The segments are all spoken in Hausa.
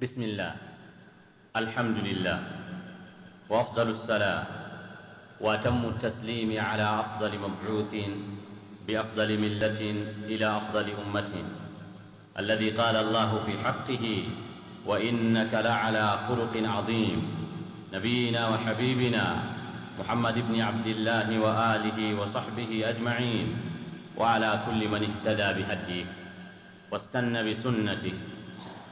بسم الله الحمد لله وأفضل السلام وأتم التسليم على أفضل مبعوث بأفضل ملة إلى أفضل أمة الذي قال الله في حقه وإنك لعلى خلق عظيم نبينا وحبيبنا محمد بن عبد الله وآله وصحبه أجمعين وعلى كل من اهتدى بهديه واستنى بسنته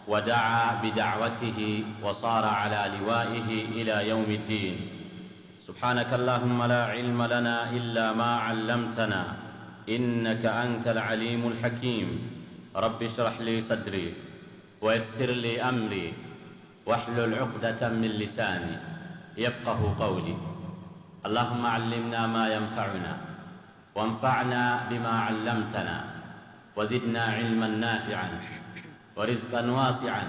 ودعا بدعوته وصار على لوائه الى يوم الدين سبحانك اللهم لا علم لنا الا ما علمتنا انك انت العليم الحكيم رب اشرح لي صدري ويسر لي امري واحلل عقده من لساني يفقه قولي اللهم علمنا ما ينفعنا وانفعنا بما علمتنا وزدنا علما نافعا ورزقا واسعا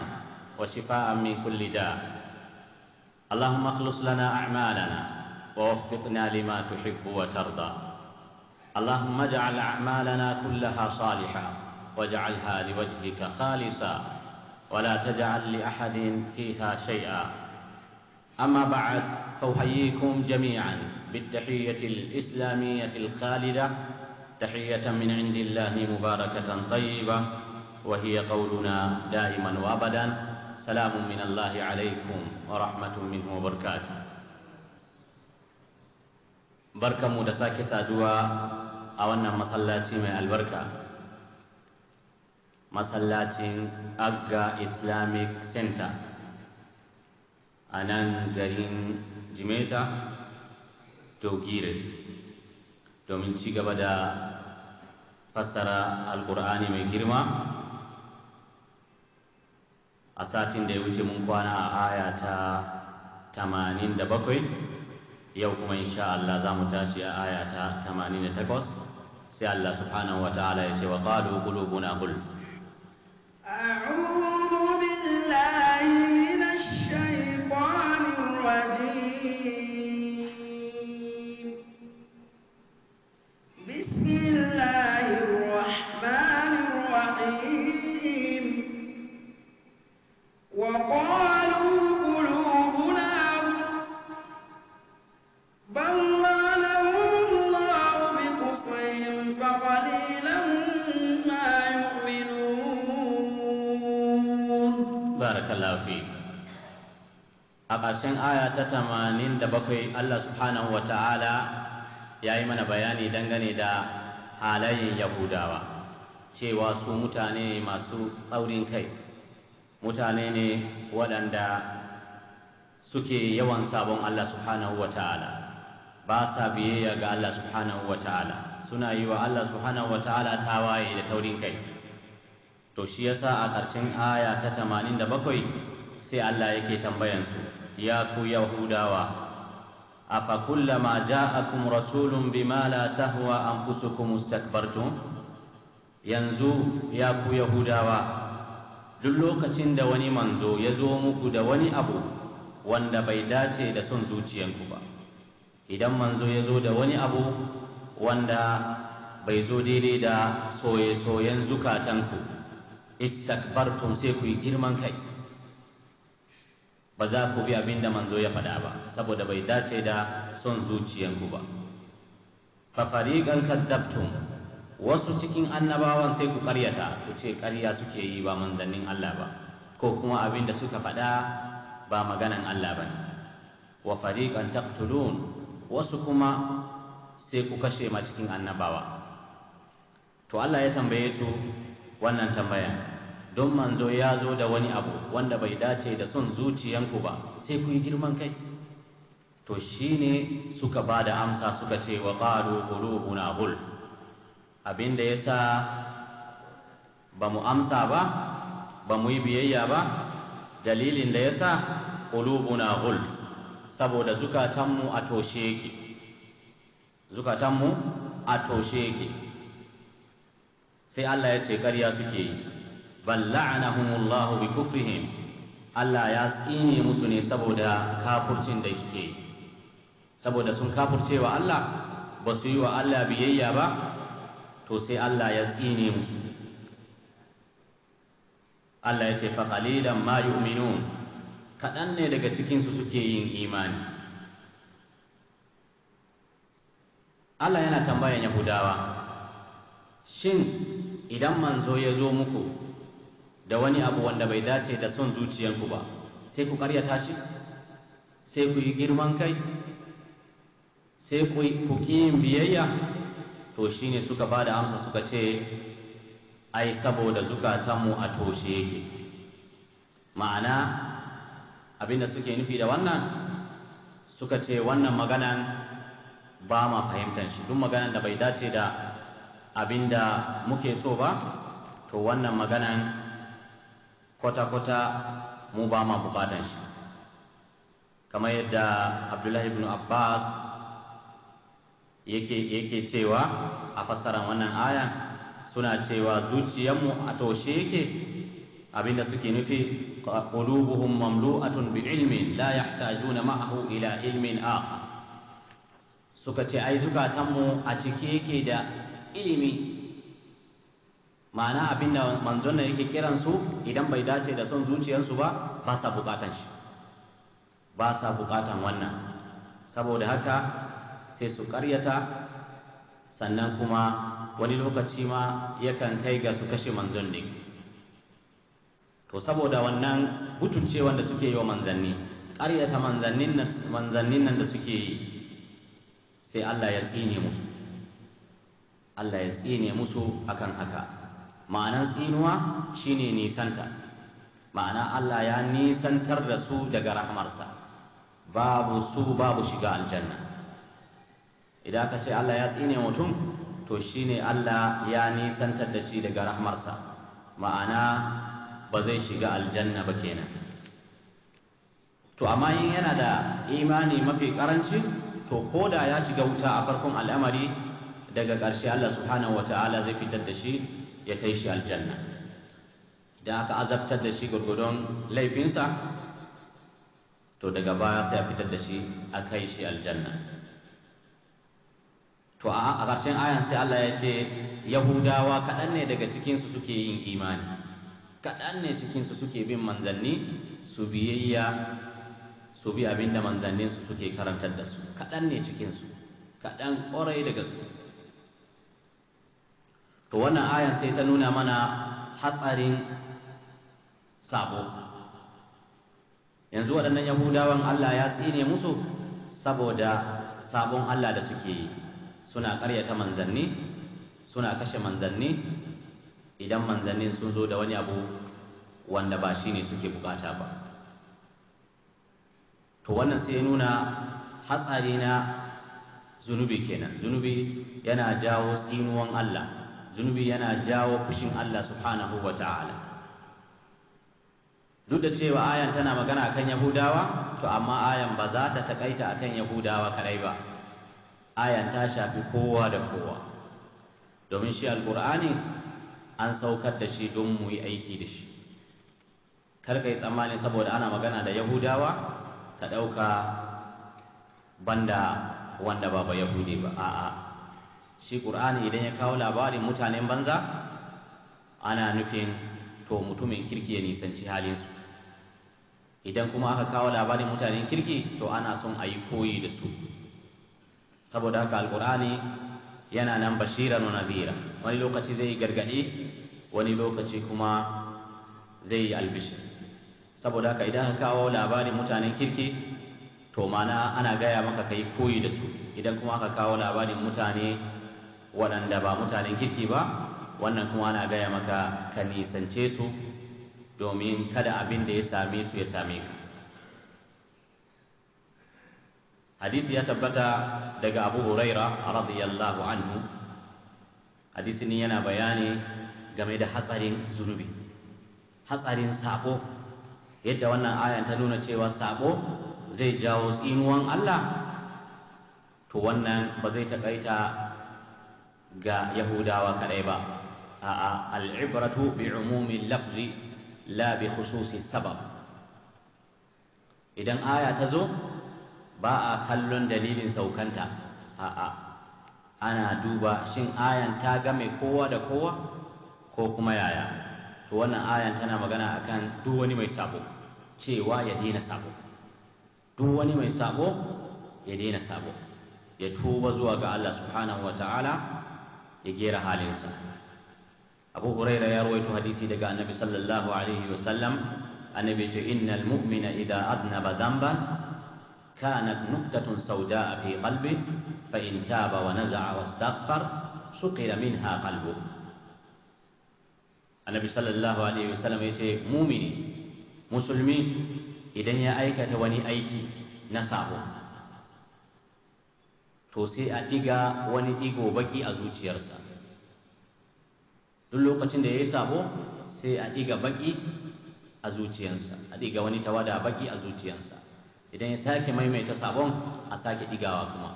وشفاء من كل داء اللهم اخلص لنا أعمالنا ووفقنا لما تحب وترضى اللهم اجعل أعمالنا كلها صالحة واجعلها لوجهك خالصا ولا تجعل لأحد فيها شيئا أما بعد فأحييكم جميعا بالتحية الإسلامية الخالدة تحية من عند الله مباركة طيبة وهي قولنا دائما وابدا سلام من الله عليكم ورحمة منه وبركاته بركة مدساك سادوا أولنا مسلاتي من البركة مسلاتي أقا إسلاميك سنتا أنان nan جميتا jimeta dogire domin ci gaba da fassara alkur'ani mai a satin da ya wuce mun kwana a aya ta bakwai, yau kuma insha Allah za mu tashi a aya ta takwas, sai Allah subhanahu wa ta'ala ya ce wa qalu qulubuna na a'udhu a ƙarshen aya ta tamanin da bakwai Allah subhanahu wa ta'ala ya yi mana bayani dangane da halayen yahudawa cewa su mutane masu tsaurin kai mutane ne waɗanda suke yawan sabon Allah subhanahu wa ta'ala ba sa biyayya ga Allah subhanahu wa ta'ala suna yi wa Allah subhanahu wa ta'ala tawaye da taurin kai to shi yasa a ƙarshen aya ta tamanin da sai Allah yake tambayansu su ya ku yahudawa kullama ja'akum rasulun bima la tahwa anfusukum istakbartum yanzu ya ku yahudawa duk lokacin da wani manzo ya zo muku da wani abu wanda bai dace da son zuciyanku ba idan manzo ya zo da wani abu wanda bai zo daidai da soye-soyen zukatanku istakbartum sai ku yi girman kai ba za ku bi abin da manzo ya faɗa ba saboda bai dace da son zuciyanku ba fa fariqan kadabtum wasu cikin annabawan sai ku karyata ku ce karya suke yi ba manzannin Allah ba ko kuma abin da suka faɗa ba maganan Allah ba ne wa fariqan taqtulun wasu kuma sai ku kashe ma cikin annabawa to Allah ya tambaye su wannan tambayan don manzo ya zo da wani abu wanda bai dace da son zuciyanku ba sai ku yi girman kai to shi ne suka ba da amsa suka ce wa qalu qulubuna gulf abinda sa ba mu amsa ba ba mu yi biyayya ba dalilin da ya yasa una gulf saboda zukatanmu a toshe yake zukatanmu a toshe yake sai Allah ya ce ƙarya suke yi balla'anahum la'anahumullahu bi kufrihim Allah ya tsine musu ne saboda kafurcin da suke saboda sun kafurcewa Allah ba su yi wa Allah biyayya ba to sai Allah ya tsine musu Allah ya ce fa qalilan ma yu'minun kaɗan ne daga cikinsu suke yin imani Allah yana tambayan Yahudawa, shin idan manzo ya zo muku da wani abu wanda bai dace da son zuciyanku ba sai ku karya tashi, sai ku yi girman kai sai ku ƙi yin biyayya to shi ne suka ba da amsa suka ce ai saboda zukatanmu a toshe yake ma'ana abinda suke nufi da wannan suka ce wannan maganan ba ma fahimtar shi duk maganan da bai dace da abinda muke so ba to wannan maganan kwata-kwata mu ba ma bukatan shi kamar yadda abdullahi ibn abbas yake cewa a fassara wannan aya suna cewa zuciyarmu a toshe yake abinda suke nufi qulubuhum mamlu'atun bi ilmin la yahtajuna ma'ahu ila ilmin a suka ce ai zukatanmu a cike yake da ilimi ma'ana abin da manzon nan yake kiran su idan bai dace da son zuciyarsu ba ba sa bukatan shi ba sa bukatan wannan saboda haka sai su karyata sannan kuma wani lokaci ma yakan kai ga su kashe manzon din to saboda wannan butulce wanda suke yi wa manzanni karyata manzannin nan da suke yi sai Allah ya tsine musu Allah ya tsine musu akan haka ma'anar tsinuwa shine nisanta ma'ana Allah ya nisantar da su daga rahamarsa babu su babu shiga aljanna idan aka ce Allah ya tsine mutum to shine Allah ya nisantar da shi daga rahamarsa ma'ana ba zai shiga aljanna ba kenan to amma in yana da imani mafi karanci to ko da ya shiga wuta a farkon al'amari daga ƙarshe Allah subhanahu wata'ala zai fitar da shi ya kai shi aljanna idan aka azabtar da shi gurgudon laifinsa to daga baya sai a fitar da shi a kai shi aljanna to a ƙarshen ayan sai Allah ya ce yahudawa kaɗan ne daga cikinsu suke yin imani kaɗan ne cikinsu suke bin manzanni su biyayya su bi abin da manzanninsu suke karantar da su kaɗan ne cikinsu kaɗan ƙwarai da gaske to wannan ayan sai ta nuna mana hatsarin sabo yanzu waɗannan yahudawan allah ya tsine musu saboda sabon allah da suke yi suna ƙaryata manzanni suna kashe manzanni idan manzannin sun zo da wani abu wanda ba shi ne suke bukata ba to wannan sai nuna hatsari na zunubi kenan zunubi yana jawo tsinuwan allah zunubi yana jawo fushin Allah subhanahu wa ta'ala duk da cewa ayan tana magana akan yahudawa to amma ayan ba za ta takaita akan yahudawa kadai ba ayan ta shafi kowa da kowa domin shi alkur'ani an saukar da shi don mu yi aiki da shi kar ka yi tsammani saboda ana magana da yahudawa ka ɗauka banda wanda ba ba yahudi ba a'a shi ƙur'ani idan ya kawo labarin mutanen banza ana nufin to mutumin kirki ya nisanci halinsu idan kuma aka kawo labarin mutanen kirki to ana son a yi koyi da su saboda haka alƙur'ani yana nan bashiran wa nazira wani lokaci zai gargaɗi wani lokaci kuma zai yi albishi saboda haka idan aka kawo labarin mutanen kirki to mana ana gaya maka ka yi koyi da su idan kuma aka kawo labarin mutane waɗanda ba mutanen kirki ba wannan kuma ana gaya maka ka nisance su domin kada abin da ya same su ya same ka hadisi ya tabbata daga abu huraira radiyallahu anhu hadisi ne yana bayani game da hatsarin zunubi hatsarin sabo yadda wannan ayan ta nuna cewa sabo zai jawo tsinuwan allah to wannan ba zai takaita ga yahudawa kaɗai ba a'a al'ibratu bi umumin lafzi la bi khususi sabab idan aya ta zo ba a kallon dalilin saukanta a'a ana duba shin ayan ta game kowa da kowa ko kuma yaya to wannan ayan tana magana akan duk wani mai sabo cewa ya daina sabo duk wani mai sabo ya daina sabo ya tuba zuwa ga Allah subhanahu wa ta'ala يجير حال إنسان أبو هريرة يروي حديثي لقى النبي صلى الله عليه وسلم النبي إن المؤمن إذا أذنب ذنبا كانت نقطة سوداء في قلبه فإن تاب ونزع واستغفر سقل منها قلبه النبي صلى الله عليه وسلم يتي مؤمني مسلمي إذن يا أيكة وني أيكي نساهم to sai a ɗiga wani ɗigo baki a zuciyarsa duk lokacin da ya yi sabo sai a ɗiga baki a zuciyarsa a ɗiga wani tawada baki a zuciyarsa idan ya sake maimaita sabon a sake ɗigawa kuma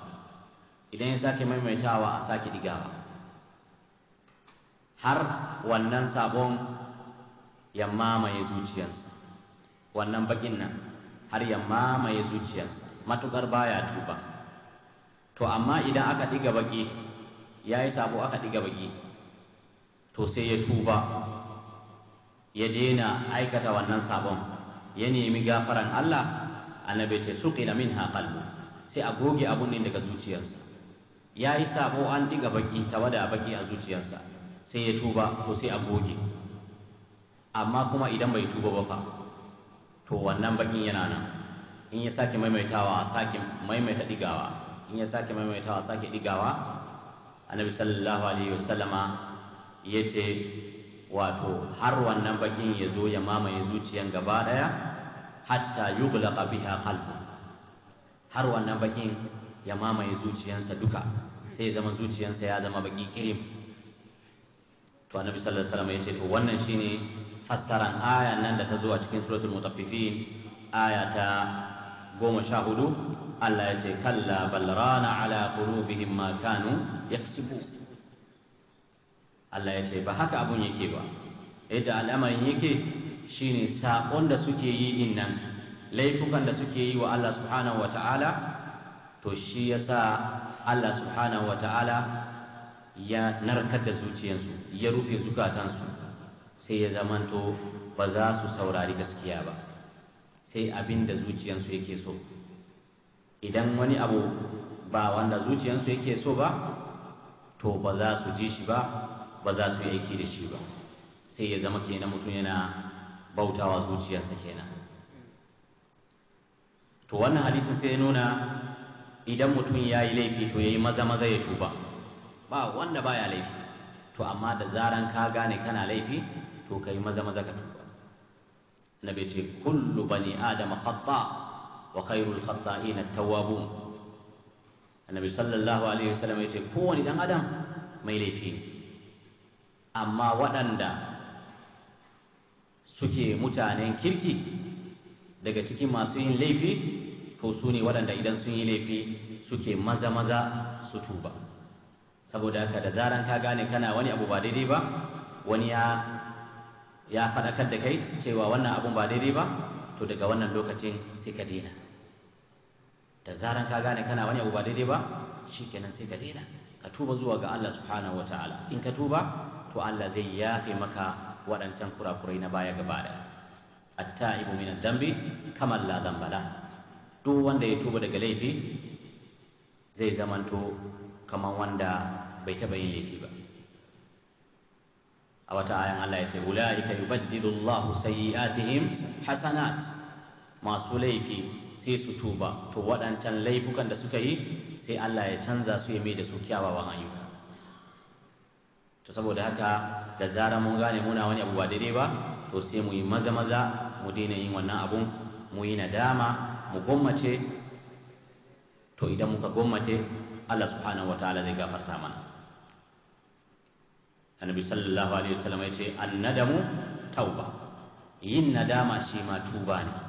idan ya sake maimaitawa a sake ɗigawa har wannan sabon ya mamaye zuciyarsa wannan bakin nan har ya mamaye zuciyarsa matukar baya tuba to amma idan aka ɗiga baƙi ya yi sabo aka ɗiga baƙi to sai ya tuba ya daina aikata wannan sabon ya nemi gafaran Allah annabi ce suqila min qalbu sai a goge abun ne daga zuciyarsa ya yi sabo an ɗiga baƙi tawada baƙi a zuciyarsa sai ya tuba to sai a goge amma kuma idan bai tuba ba fa to wannan baƙin yana nan in ya sake maimaitawa a sake maimaita ɗigawa in ya sake maimaitawa sake digawa annabi sallallahu alaihi wasallama ya ce wato har wannan bakin ya zo ya mamaye zuciyan gaba daya hatta yughlaqa biha qalbu har wannan bakin ya mamaye zuciyansa duka sai zama zuciyansa ya zama baki kirim to annabi sallallahu alaihi wasallam ya ce to wannan shine fassaran ayan nan da ta zo a cikin suratul mutaffifin aya ta goma sha hudu Allah ya ce kalla bal rana ala qulubihim ma kanu yaksubu Allah ya ce ba haka abun yake ba yadda al'amarin yake shine saƙon da suke yi innan laifukan da suke yi wa Allah subhanahu wa to shi yasa Allah subhanahu wa ya narkar da zuciyarsu ya rufe zukatansu sai ya zamanto ba za su saurari gaskiya ba sai abin da zuciyarsu yake so idan wani abu ba wanda zuciyarsu yake so ba to ba za su ji shi ba ba za su yi aiki da shi ba sai ya zama kenan mutum yana bautawa zuciyarsa kenan to wannan hadisin sai ya nuna idan mutum ya yi laifi to ya yi maza maza ya tuba ba wanda ba ya laifi to amma da zaran ka gane kana laifi to ka yi maza maza ka tuba na ce kullu bani adama khata wa khairul khata'in tawwabun annabi sallallahu alaihi wasallam yace wani dan adam mai laifi ne amma waɗanda suke mutanen kirki daga cikin masu yin laifi ko su ne waɗanda idan sun yi laifi suke maza maza su tuba saboda haka da zaran ka gane kana wani abu ba daidai ba wani ya ya faɗakar da kai cewa wannan abun ba daidai ba to daga wannan lokacin sai ka daina da zaran ka gane kana wani abu ba daidai ba shikenan sai ka daina ka tuba zuwa ga Allah subhanahu wataala in ka tuba to Allah zai yafe maka waɗancan kurakurai na baya gaba da atta'ibu min dambi kamar la dhanba duk wanda ya tuba daga laifi zai zamanto kaman wanda bai taɓa yin laifi ba a wata ayan Allah ya ce ulaika yubaddilu Allahu sayyi'atihim hasanat masu laifi sai su tuba to waɗancan laifukan da suka yi sai Allah ya canza su ya mai da su kyawawan ayyuka to saboda haka da zarar mun gane muna wani abu ba daidai ba to sai mu yi maza maza mu daina yin wannan abun mu yi nadama mu gwammace to idan muka gwammace Allah subhanahu wataala zai gafarta mana annabi sallallahu alaihi wasallam ya ce annadamu tauba yin nadama shi ma tuba ne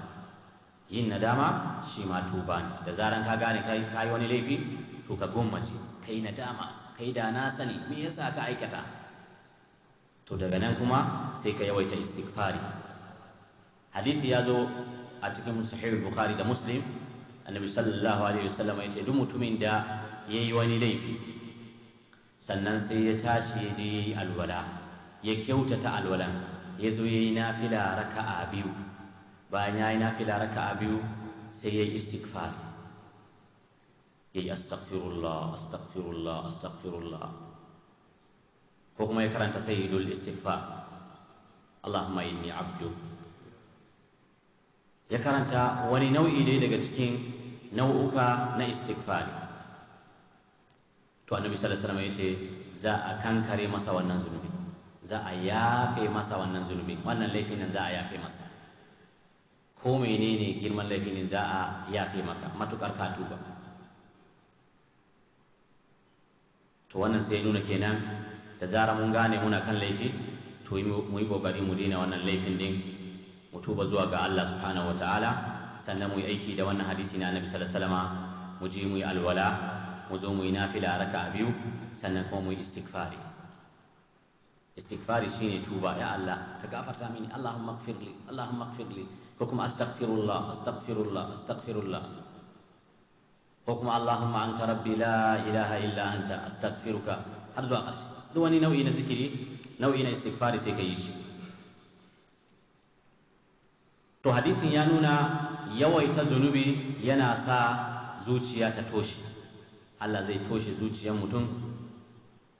yin nadama shi ma tuba ne da zaran ka gane ka yi wani laifi to ka gummace ka yi nadama ka yi da na sani me yasa ka aikata to daga nan kuma sai ka yawaita istighfari hadisi ya zo a cikin sahih bukhari da muslim annabi sallallahu alaihi wasallam ya ce duk mutumin da yayi wani laifi sannan sai ya tashi ya je alwala ya kyautata alwalan ya zo ya yayi nafila raka'a biyu bayan ya yi na fila raka a biyu sai ya yi istighfar ya yi astaghfirullah astaghfirullah astaghfirullah ko kuma ya karanta sai yi sayyidul istighfar Allahumma inni abdu ya karanta wani nau'i dai daga cikin nau'uka na istighfar to annabi sallallahu alaihi wasallam yace za a kankare masa wannan zunubi za a yafe masa wannan zunubi wannan laifin nan za a yafe masa ko menene girman laifin za a yafe maka matukar ka tuba to wannan sai nuna kenan da zara mun gane muna kan laifi to mu yi kokari mu dina wannan laifin din mu tuba zuwa ga Allah subhanahu wataala sannan mu yi aiki da wannan hadisi na Annabi sallallahu alaihi wasallam mu je mu yi alwala mu zo mu yi nafila raka'a biyu sannan kuma mu yi istighfari استغفاري شيني توبا يا الله تغفر تاميني اللهم اغفر لي اللهم اغفر لي حكم استغفر الله استغفر الله استغفر الله حكم اللهم انت ربي لا اله الا انت استغفرك هذا دو قصي دواني نوعي نذكري نوعي نستغفاري سيكيش تو حديث يانونا يويت ذنوبي ينا سا زوجيا الله زي توشي زوجيا متون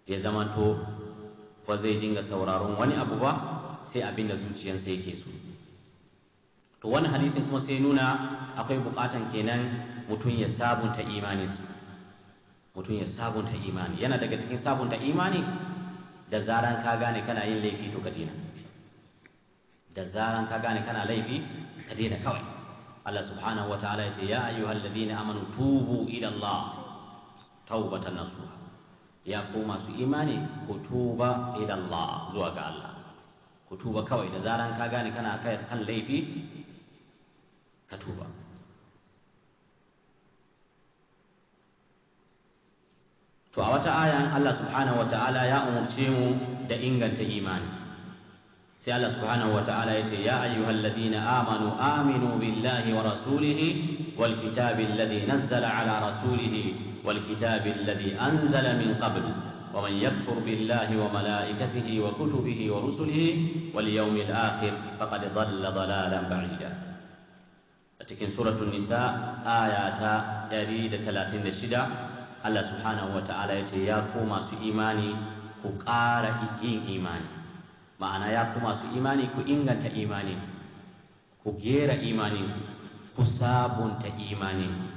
يا زمان تو ba zai dinga sauraron wani abu ba sai abin da zuciyarsa yake so to wani hadisin kuma sai nuna akwai bukatan kenan mutum ya sabunta imaninsa mutum ya sabunta imani yana daga cikin sabunta imani da zaran ka gane kana yin laifi to ka dina da zaran ka gane kana laifi ka dina kawai Allah subhanahu wa ta'ala ya ce ya ayyuhal ladina amanu tubu ila Allah tawbatan nasuha ya masu imani ku tuba ila Allah zuwa ga Allah ku tuba kawai da zaran ka gane kana kan laifi ka tuba to a wata ayan Allah subhanahu wataala ya umurce mu da inganta imani sai Allah subhanahu wataala ya ce ya ayyuhalladhina amanu aminu billahi wa rasulihi wal kitabi alladhi nazzala ala rasulihi والكتاب الذي انزل من قبل ومن يكفر بالله وملائكته وكتبه ورسله واليوم الاخر فقد ضل ضلالا بعيدا لكن سوره النساء ايات يريد 36 الله سبحانه وتعالى يا قوم اسوا ايماني كقار ان ايماني معنى يا قوم اسوا ايماني كينغت ايماني كغير ايماني كسابون ايماني, كو إيماني, إيماني, كو إيماني, إيماني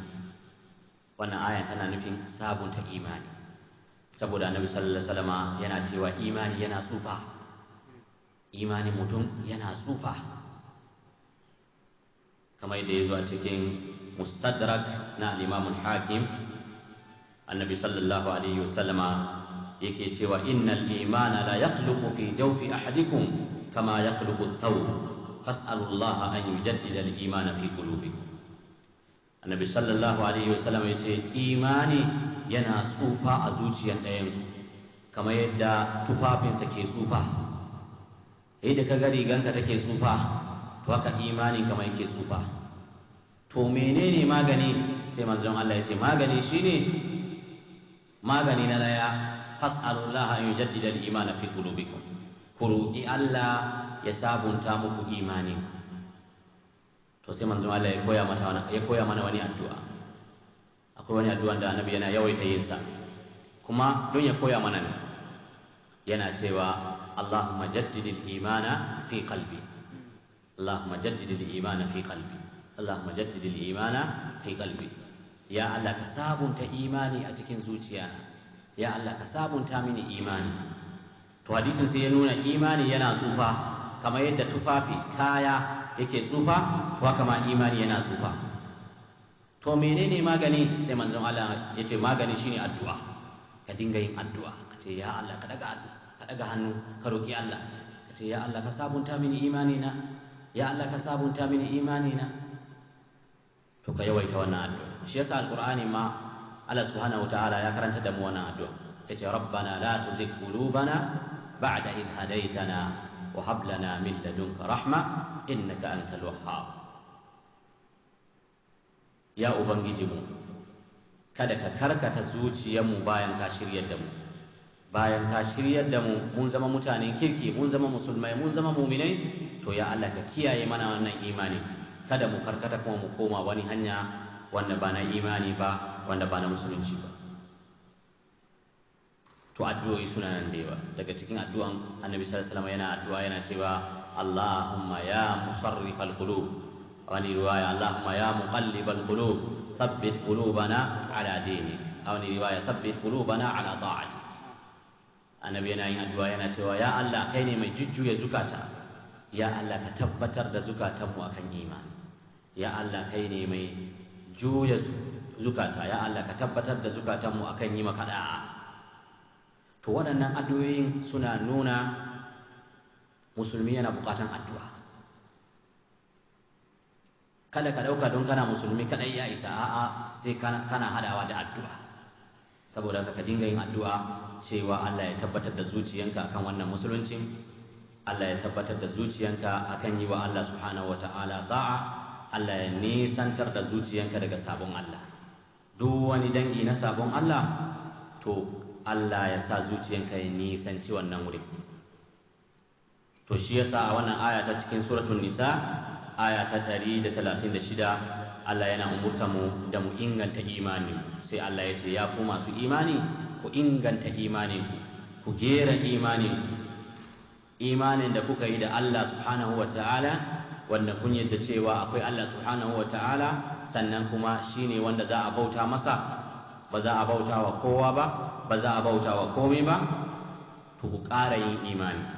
wannan aya tana nufin sabunta imani saboda annabi sallallahu alaihi yana cewa imani yana tsufa imani mutum yana tsufa kamar yadda ya zo a cikin mustadrak na al hakim annabi sallallahu alaihi wasallama yake cewa innal imana la yakhluqu fi jawfi ahadikum kama yakhluqu ath-thawb fas'alullaha an yujaddida al-imana fi qulubikum annabi sallallahu alaihi wasallam ya ce imani yana tsufa a zuciyar ɗayan kamar yadda tufafinsa ke tsufa yadda ka ga riganka take tsufa to haka imani kamar yake tsufa to menene magani sai manzon Allah ya ce magani shine magani na daya fas'alullaha an yujaddida al-imana fi qulubikum ku Allah ya sabunta muku imani to sai manzon Allah ya koya mata wani ya koya mana wani addu'a akwai wani addu'a da annabi yana yawaita yin sa kuma don ya koya mana ne yana cewa Allahumma jaddidil imana fi qalbi Allahumma jaddidil imana fi qalbi Allahumma jaddidil imana fi qalbi ya Allah ka sabunta imani a cikin zuciyana ya Allah ka sabunta mini imani to hadisin sai ya nuna imani yana tsufa kamar yadda tufafi kaya yake tsufa ko haka ma imani yana tsufa to menene magani sai manzon Allah ya ce magani shine addu'a ka dinga yin addu'a ka ce ya Allah ka daga ka daga hannu ka roki Allah ka ce ya Allah ka sabunta mini imani na ya Allah ka sabunta mini imani na to ka yawaita wannan addu'a shi yasa alqur'ani ma Allah subhanahu wataala ya karanta da mu wannan addu'a yace rabbana la tuzigh qulubana ba'da idh hadaytana wa hab lana min ladunka rahma innaka antal wahhab ya ubangiji mu kada ka karkata zuciyarmu bayan ka shiryar da mu bayan ka shiryar da mu mun zama mutanen kirki mun zama musulmai mun zama muminai to ya Allah ka kiyaye mana wannan imani kada mu karkata kuma mu koma wani hanya wanda ba na imani ba wanda ba na musulunci ba to addu'o'i suna nan da yawa daga cikin addu'an annabi sallallahu alaihi wasallam yana addu'a yana cewa اللهم يا مصرف القلوب وأني رواية اللهم يا مقلب القلوب ثبت قلوبنا على دينك أو رواية ثبت قلوبنا على طاعتك أنا بينا أدواينا سوى يا الله كيني من ججو يا زكاتا يا الله كتبتر دا زكاتا وأكن إيمان يا الله كيني من جو يا يا الله كتبتر دا زكاتا وأكن إيمان كلا to waɗannan addu'o'in suna nuna musulmi yana bukatan addu'a kada ka dauka don kana musulmi kadai ya isa a'a sai kana hadawa da addu'a saboda ka dinga yin addu'a cewa Allah ya tabbatar da zuciyanka akan wannan musuluncin Allah ya tabbatar da zuciyanka akan yi wa Allah subhanahu wata'ala ta'a Allah ya nisantar da zuciyanka daga sabon Allah duk wani dangi na sabon Allah to Allah ya sa zuciyanka ya nisanci wannan wurin to shi yasa a wannan aya ta cikin suratul nisa aya ta 136 Allah yana umurta mu da mu inganta imani sai Allah ya ce ya ku masu imani ku inganta imani ku gera imani imanin da kuka yi da Allah subhanahu wa ta'ala wanda kun yadda cewa akwai Allah subhanahu wa ta'ala sannan kuma shi ne wanda za a bauta masa ba za a bauta wa kowa ba ba za a bauta wa komai ba to ku ƙara yin imani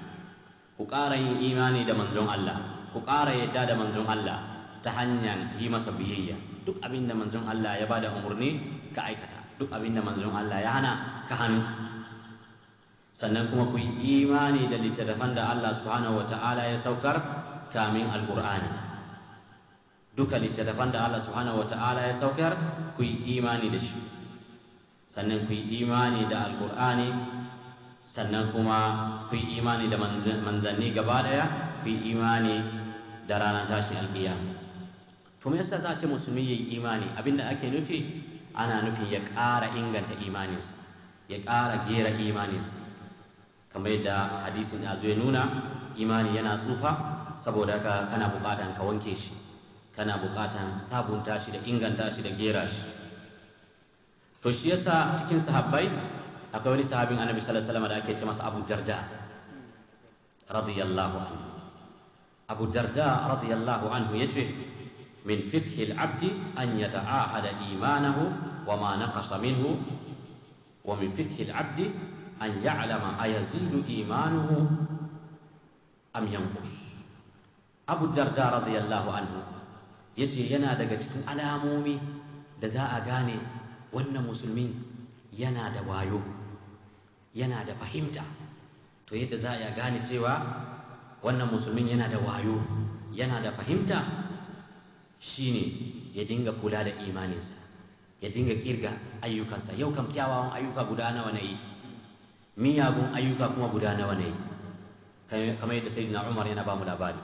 ku ƙara yin imani da manzon Allah ku ƙara yadda da manzon Allah ta hanyar yi masa biyayya duk abin da manzon Allah ya bada umarni ka aikata duk abin da manzon Allah ya hana ka hannu sannan kuma ku yi imani da littattafan da Allah subhanahu wa ta'ala ya saukar kamin alkur'ani duka littattafan da Allah subhanahu wa ta'ala ya saukar ku yi imani da shi sannan ku yi imani da alkur'ani sannan kuma ku yi imani da manzanni gaba daya ku yi imani da ranar tashin alkiya to me yasa za a ce musulmi ya yi imani abinda ake nufi ana nufin ya ƙara inganta imaninsa ya ƙara gera imaninsa kamar yadda hadisin da ya nuna imani yana tsufa saboda haka kana buƙatan ka wanke shi kana buƙatan sabunta shi da inganta shi da gera shi to shi yasa cikin sahabbai akwai wani sahabin annabi sallallahu alaihi wasallam da ake ce masa Abu Darda radiyallahu anhu Abu Darda radiyallahu anhu yace min fiqhi abdi abd an yata'ahada imanahu wa ma naqasa minhu wa min fiqhi abdi an ya'lama ayazidu imanuhu am yanqus Abu Darda radiyallahu anhu yace yana daga cikin alamomi da za a gane wannan musulmin yana da wayo yana da fahimta to yadda za a gane cewa wannan musulmin yana da wayo yana da fahimta shine ya dinga kula da imaninsa ya dinga kirga ayyukansa yau kam kyawawan ayyuka guda nawa na yi miyagun ayyuka kuma guda nawa na yi kamar yadda sayyidina umar yana ba mu labari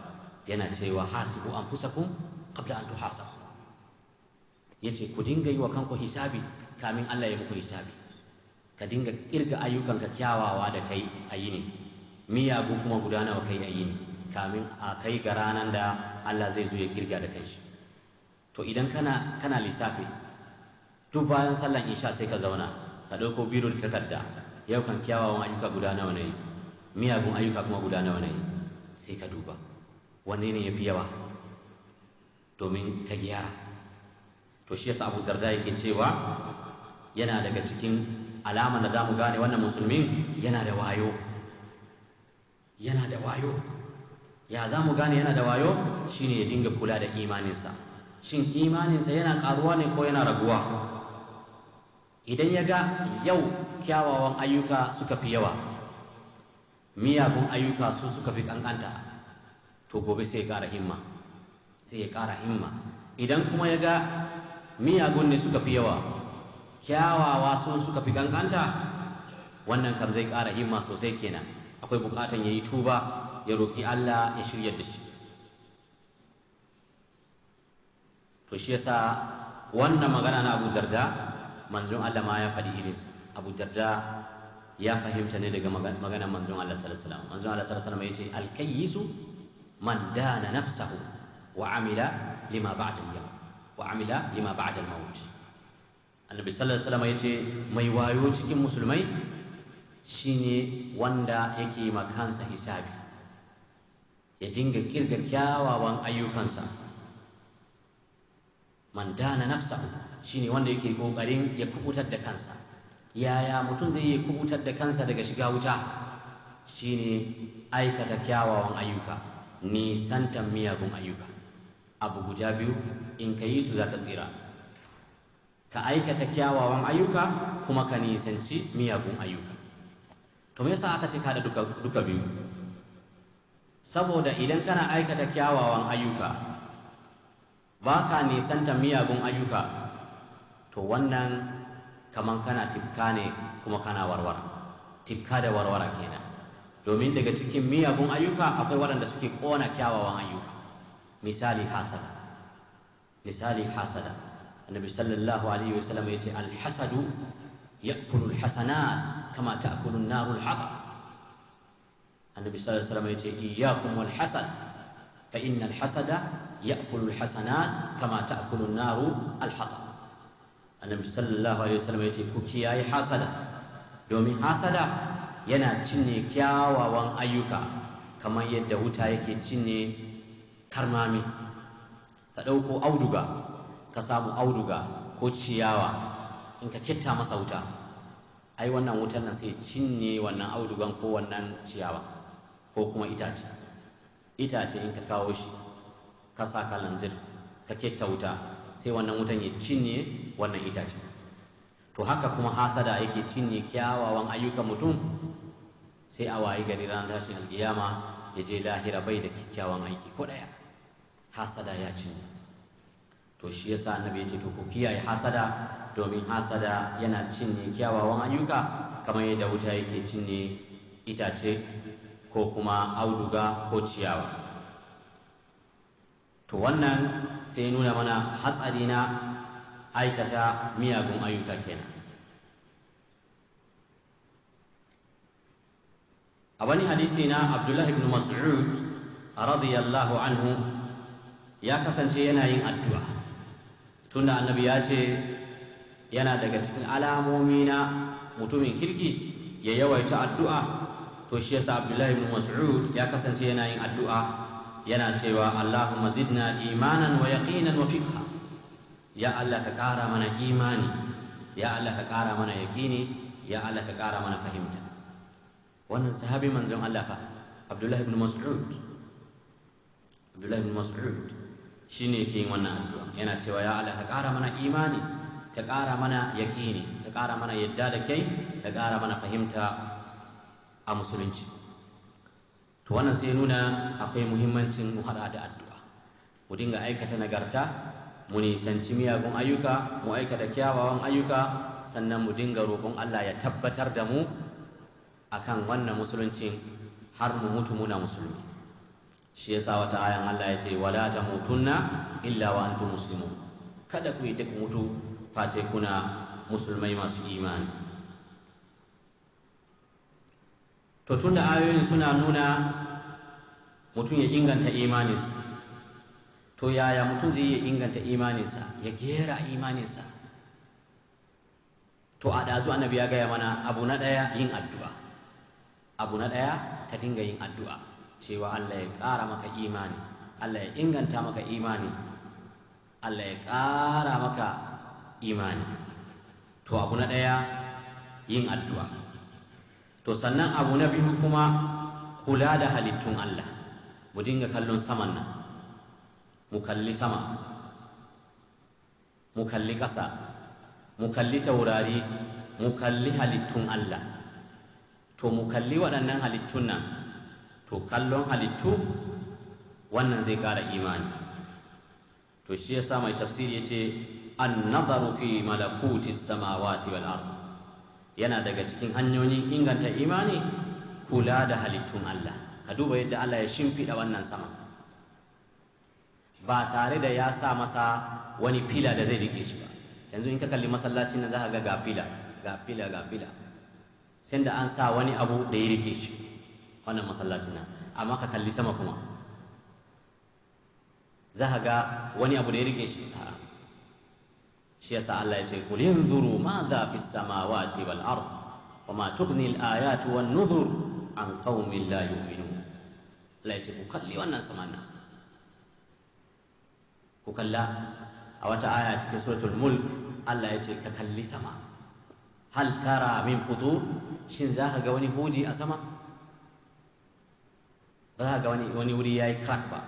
yana cewa hasibu anfusakum qabla an tuhasabu yace ku dinga yi wa kanku hisabi kamin Allah ya muku hisabi ka dinga kirga ayyukanka kyawawa da kai a yini miyagu kuma guda nawa kai a yini kamin a kai ga ranar da Allah zai zo ya kirga da kai to idan kana kana lissafi duk bayan sallan isha sai ka zauna ka ɗauko biro da takarda yau kan kyawawan ayyuka guda nawa ne miyagun ayyuka kuma guda nawa ne sai ka duba wanne ne ya yawa domin ka gyara to shi yasa Abu Darda yake cewa yana daga cikin alama da za mu gane wannan musulmin yana da wayo yana da wayo ya zamu gane yana da wayo shine ya dinga kula da imaninsa shin imaninsa yana karuwa ne ko yana raguwa idan ya ga yau kyawawan ayyuka suka fi yawa miyagun ayyuka su suka fi kankanta to gobe sai ya kara himma sai ya kara himma idan kuma ya ga miyagun ne suka fi yawa kyawawa sun suka fi ganganta wannan kam zai ƙara himma sosai kenan akwai buƙatan ya yi tuba ya roƙi Allah ya shirya da shi to shi yasa wannan magana na Abu Darda manzon Allah ma ya faɗi irinsa Abu Darda ya fahimta ne daga maganar manzon Allah sallallahu alaihi wasallam manzon Allah sallallahu alaihi wasallam yace al-kayyisu man dana nafsahu wa amila lima ba'da al-yawm wa amila lima ba'da al-maut annabi sallallahu alaihi wasallam yace mai wayo cikin musulmai shine wanda yake ma kansa hisabi ya dinga kirga kyawawan ayyukansa man dana nafsa shine wanda yake kokarin ya kubutar da kansa yaya mutum zai iya kubutar da kansa daga shiga wuta shine aikata kyawawan ayyuka nisantan miyagun ayyuka abu guda biyu in ka yi su za ka tsira ka aikata kyawawan ayyuka kuma ka nisanci miyagun ayyuka to me yasa aka ce ka da duka, duka biyu saboda idan kana aikata kyawawan ayyuka ba ka nisanta miyagun ayyuka to wannan kaman kana tifka ne kuma kana warwara tifka da warwara kenan domin daga cikin miyagun ayyuka akwai waɗanda suke kona kyawawan ayyuka misali hasada misali hasada النبي صلى الله عليه وسلم يتي الحسد يأكل الحسنات كما تأكل النار الحطب النبي صلى الله عليه وسلم يتي إياكم والحسد فإن الحسد يأكل الحسنات كما تأكل النار الحطب النبي صلى الله عليه وسلم يتي كوكياي حسد دومي حسد ينا تشني كيا وان أيوكا كما يدى وتا يكي تشني كرمامي تدوكو أودوكا ka samu auduga ko ciyawa in ka kitta masa wuta ai wannan wutan nan sai cinye wannan audugan ko wannan ciyawa ko kuma itace itace in ka kawo shi ka sa kalanzir ka kitta wuta sai wannan wutan ya cinye wannan itace to haka kuma hasada yake cinye kyawawan ayyukan mutum sai a wayi gari ranar tashin alkiyama ya je lahira bai da kyakkyawan aiki ko ɗaya hasada ya cinye to shi yasa annabi ya ce to ku kiyaye hasada domin hasada yana cinye kyawawan ayyuka kamar yadda wuta yake cinye itace ko kuma auduga ko ciyawa to wannan sai nuna mana hatsari na aikata miyagun ayyuka kenan a wani hadisi na abdullahi ibn mas'ud radiyallahu anhu ya kasance yana yin addu'a tunda annabi ya ce yana daga cikin alamomi na mutumin kirki ya yawaita addu'a to shi yasa abdullahi ibn mas'ud ya kasance yana yin addu'a yana cewa allahumma zidna imanan wa yaqinan wa fiqha ya allah ka kara mana imani ya allah ka kara mana yaqini ya allah ka kara mana fahimta wannan sahabi manzon allah fa abdullahi ibn mas'ud abdullahi ibn mas'ud shine ke yin wannan addu'a yana cewa ya Allah ka ƙara mana imani ka ƙara mana yaƙini ka ƙara mana yadda da kai ka ƙara mana fahimta a musulunci to wannan sai nuna akwai muhimmancin mu haɗa da addu'a mu dinga aikata nagarta mu nisanci miyagun ayyuka mu aikata kyawawan ayyuka sannan mu dinga roƙon Allah ya tabbatar da mu akan wannan musulunci har mu mutu muna musulmi shi yasa wata ayan Allah ya ce wala mutunna illa wa antum muslimun kada ku yi duk mutu face kuna musulmai masu imani to tunda ayoyin suna nuna mutum ya inganta imaninsa to yaya mutum zai iya inganta imaninsa ya gera imaninsa to a ɗazu annabi ya gaya mana abu na ɗaya yin addu'a abu na ɗaya ka dinga yin addu'a cewa Allah ya ƙara maka imani Allah ya inganta maka imani Allah ya ƙara maka imani to abu na ɗaya yin addu'a to sannan abu na biyu kuma kula da halittun Allah mu dinga kallon saman nan mu kalli sama mu kalli ƙasa mu kalli taurari mu kalli halittun Allah to mu kalli waɗannan halittun nan to kallon halittu wannan zai kara imani to shi ya sa mai tafsiri ya ce annazaru fi malakuti samawati wal ard yana daga cikin hanyoyin inganta imani kula da halittun Allah ka duba yadda Allah ya shimfiɗa wannan sama ba tare da ya sa masa wani fila da zai rike shi ba yanzu in ka kalli masallaci nan za ga ga fila ga fila ga fila sai da an sa wani abu da ya rike shi wannan masallaci na amma ka kalli sama kuma za ga wani abu da ya rike shi shi yasa Allah ya ce kul yanzuru madha fi samawati wal ard wa ma tughni al ayatu wan nuzur an qaumin la yu'minun Allah ya ce ku kalli wannan saman nan ku kalla a wata aya cikin suratul mulk Allah ya ce ka kalli sama hal tara min futur shin za ka ga wani huji a sama ba za ga wani wani wuri yi crack ba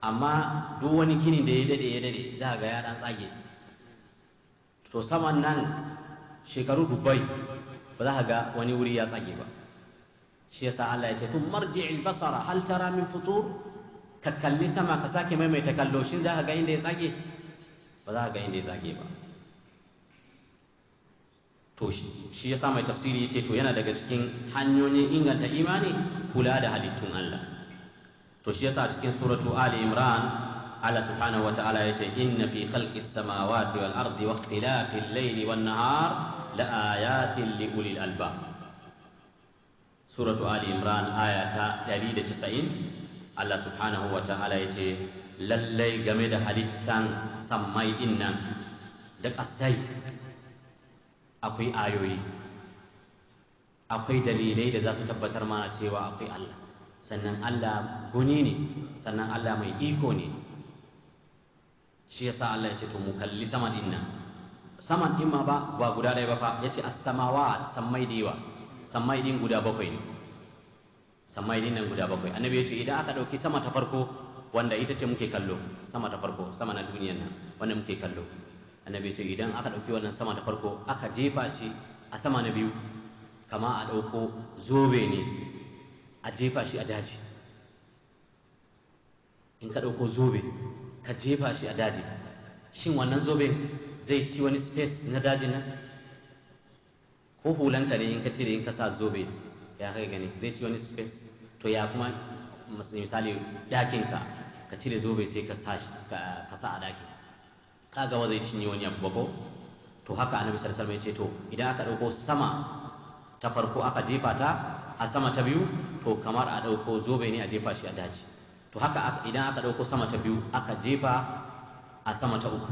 amma duk wani gini da ya dade ya dade za ga ya dan tsage to saman nan shekaru dubai ba za ga wani wuri ya tsage ba shi yasa Allah ya ce tun marji'il basara hal tara min futur ka kalli sama ka sake maimaita kallo shin za ga inda ya tsage ba za ga inda ya tsage ba toshi shi yasa mai tafsiri yace to yana daga cikin hanyoyin inganta imani kula da halittun Allah to shi yasa cikin suratu ali imran Allah subhanahu wataala yace inna fi khalqi samawati wal ardi wa ikhtilafi al-layli wan nahar la ayatin li ulil alba suratu ali imran aya ta 190 Allah subhanahu wataala yace lallai game da halittan samai dinnan da kasai akwai ayoyi akwai dalilai da za su tabbatar mana cewa akwai Allah sannan Allah guni ne sannan Allah mai iko ne shi yasa Allah ya ce to mu kalli saman din nan saman din ma ba ba guda ɗaya ba fa yace as-samawa samai da samai din guda bakwai ne samai din nan guda bakwai annabi ya ce idan aka ɗauki sama ta farko wanda ita ce muke kallo sama ta farko sama na duniyar nan wanda muke kallo annabi ce idan aka ɗauki wannan sama da farko aka jefa shi a sama na biyu kama a ɗauko zobe ne a jefa shi a daji in ka ɗauko zobe ka jefa shi a daji shin wannan zobe zai ci wani space na daji nan ko hulanka ne in ka cire in ka sa zobe ya kai gani zai ci wani space to ya kuma misali ɗakinka ka cire zobe sai ka sa a dakin kaga ba zai cinye wani abu ko to haka annabi sallallahu alaihi wasallam ce to idan aka dauko sama ta farko aka jefa ta a sama ta biyu to kamar a dauko zobe ne a jefa shi a daji to haka idan aka dauko sama ta biyu aka jefa a sama ta uku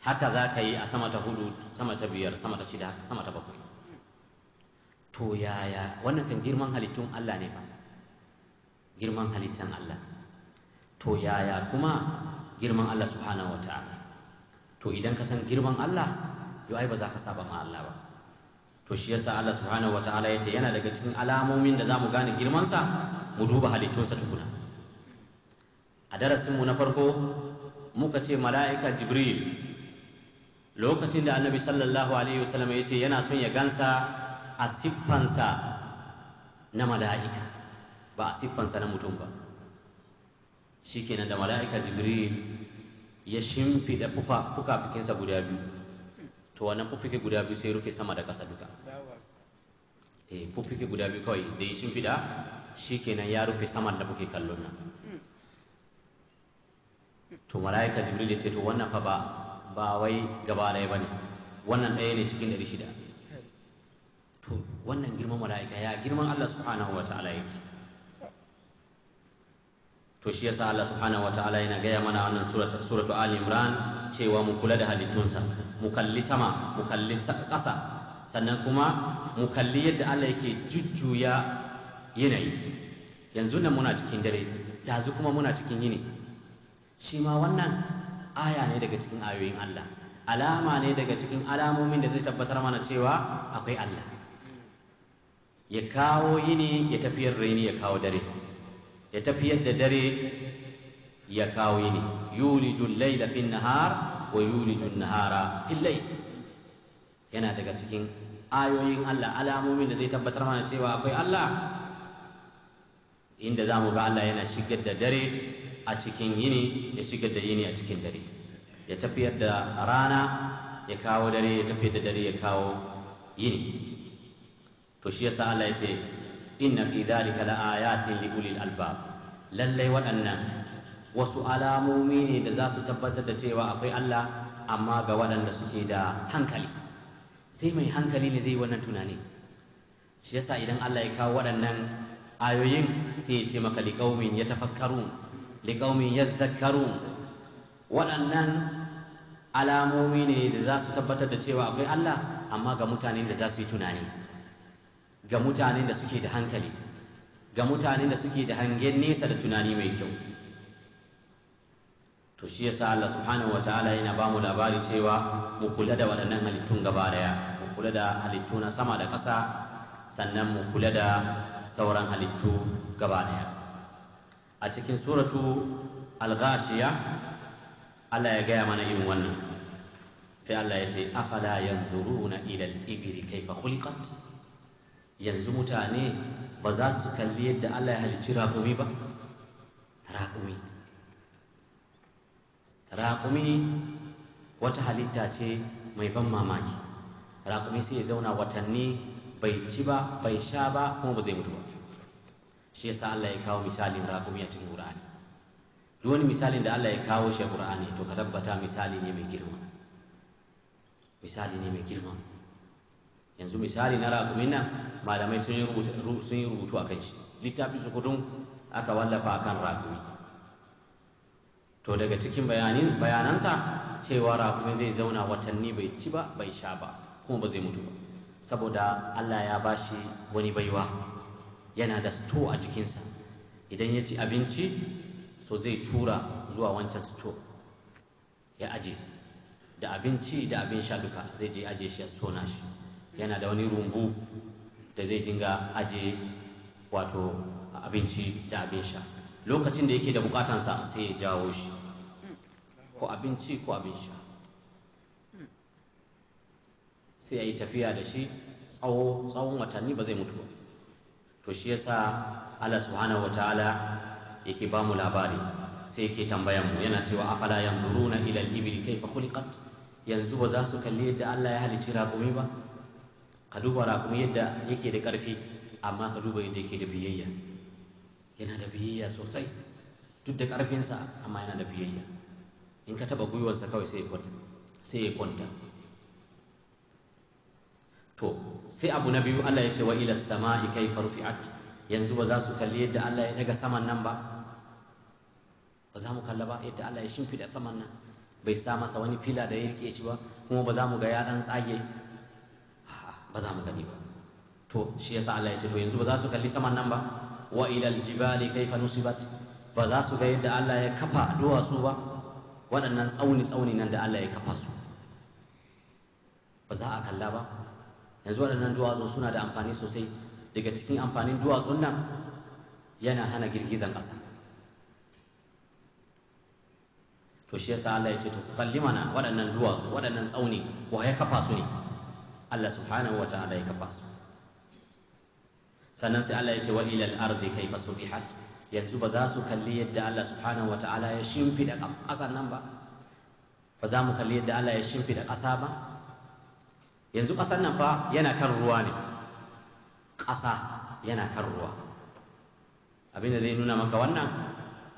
haka za ka yi a sama ta hudu sama ta biyar sama ta shida sama ta bakwai to yaya wannan kan girman halittun Allah ne fa girman halittan Allah to yaya kuma girman Allah subhanahu wata'ala to idan ka san girman Allah yau ai ba za ka saba ma Allah ba to shi yasa Allah subhanahu wata'ala ya ce yana daga cikin alamomin da za mu gane girmansa mu duba halittunsa tukuna a darasin mu na farko muka ce mala'ika jibril lokacin da annabi sallallahu alaihi wasallam ya ce yana son ya gansa a siffansa na mala'ika ba a siffansa na mutum ba shikenan da mala'ika jibril ya shimfiɗa fuka-fukinsa guda biyu to wannan fufuke guda biyu sai rufe sama da ƙasa duka eh fufuke guda biyu kawai da ya shimfiɗa shikenan ya rufe sama da kuke kallon nan to mala'ika jibril ya ce to wannan fa ba ba wai gaba ɗaya bane wannan ɗaya ne cikin ɗari shida to wannan girman mala'ika ya girman Allah subhanahu wa ta'ala yake to shi yasa Allah subhanahu wataala yana gaya mana wannan suratu Ali Imran cewa mu kula da halittunsa mu kalli sama mu kalli ƙasa sannan kuma mu kalli yadda Allah yake jujjuya yanayi yanzu nan muna cikin dare yanzu kuma muna cikin yini shi ma wannan aya ne daga cikin ayoyin Allah alama ne daga cikin alamomin da zai tabbatar mana cewa akwai Allah ya kawo yini ya tafiyar raini ya kawo dare ya tafiyar da dare ya kawo ne yulijul laila fin nahar wa jun nahara fillai yana daga cikin ayoyin Allah alamomin da zai tabbatar mana cewa akwai Allah inda za mu ga Allah yana shigar da dare a cikin yini ya shigar da yini a cikin dare ya tafiyar da rana ya kawo dare ya tafiyar da dare ya kawo yini to shi yasa Allah ya ce inna fi dhalika la ayatin li ulil albab lallai waɗannan wasu alamomi ne da za su tabbatar da cewa akwai Allah amma ga waɗanda suke da hankali sai mai hankali ne zai wannan tunani shi yasa idan Allah ya kawo waɗannan ayoyin sai ya ce maka liƙaumin ya liqaumin liƙaumin ya yadhakkarun waɗannan alamomi ne da za su tabbatar da cewa akwai Allah amma ga mutanen da za su yi tunani ga mutanen da suke da hankali ga mutanen da suke da hangen nesa da tunani mai kyau to shi yasa Allah subhanahu wataala yana ba mu labari cewa mu kula da waɗannan halittun gaba daya mu kula da halittu na sama da ƙasa sannan mu kula da sauran halittu gaba daya a cikin suratu al-ghashiya Allah ya gaya mana irin wannan sai Allah ya ce afala yanzuruna ila al-ibri kayfa khuliqat yanzu mutane ba za su kalli yadda Allah ya halicci raƙumi ba raƙumi raƙumi wata halitta ce mai ban mamaki raƙumi sai ya zauna watanni bai ci ba bai sha ba kuma ba zai mutu ba shi yasa Allah ya kawo misalin raƙumi a cikin Qur'ani duk wani misalin da Allah ya kawo shi a Qur'ani to ka tabbata misali ne mai girma misali ne mai girma yanzu misali na rakumin nan malamai sun yi rubutu a kan shi littafin sukutun aka wallafa akan raƙumi to daga cikin bayanansa cewa rakumi zai zauna watanni bai ci ba bai sha ba kuma ba zai mutu ba saboda Allah ya bashi wani baiwa yana da sto a jikinsa idan ya ci abinci so zai tura zuwa wancan sto ya aje da abinci da abin sha duka zai je aje shi ya stona shi yana da wani rumbu da zai dinga aje wato abinci da abin sha lokacin da yake da bukatansa sai ya jawo shi ko abinci ko abin sha sai ya yi tafiya da shi tsawon watanni ba zai mutu ba to shi yasa Allah subhanahu wataala yake ba mu labari sai yake tambayan mu yana cewa a afala yanzuruna ila al-ibil kayfa khuliqat yanzu ba za su kalli yadda Allah ya halicci raƙumi ba ka duba kuma yadda yake da ƙarfi amma ka duba yadda yake da biyayya yana da biyayya sosai duk da ƙarfinsa amma yana da biyayya in ka taɓa gwiwansa kawai sai ya kwanta to sai abu na biyu Allah ya ce wa ila sama'i kaifa rufi'at yanzu ba za su kalli yadda Allah ya daga saman nan ba ba za mu kalla ba yadda Allah ya shimfida saman nan bai sa masa wani fila da ya rike shi ba kuma ba za mu ga ya dan tsage ba za mu gani ba to shi yasa Allah ya ce to yanzu ba za su kalli saman nan ba wa ilal jibali kaifa nusibat ba za su ga yadda Allah ya kafa duwatsu ba waɗannan tsauni tsauni nan da Allah ya kafa su ba za a kalla ba yanzu waɗannan duwatsu suna da amfani sosai daga cikin amfanin duwatsun nan yana hana girgizan ƙasa to shi yasa Allah ya ce to kalli mana waɗannan duwatsu waɗannan tsauni wa ya kafa su ne Allah subhanahu wa ta'ala ya kafa su sannan sai Allah ya ce wa ilal ardi kaifa sutihat yanzu ba za su kalli yadda Allah subhanahu wa ta'ala ya shimfida ƙasan nan ba ba za mu kalli yadda Allah ya shimfida ƙasa ba yanzu ƙasar nan fa yana kan ruwa ne ƙasa yana kan ruwa abinda zai nuna maka wannan